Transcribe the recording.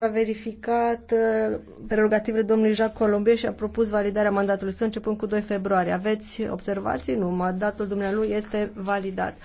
a verificat uh, prerogativele domnului Jacques Colombier și a propus validarea mandatului său începând cu 2 februarie. Aveți observații? Nu, mandatul dumnealui este validat.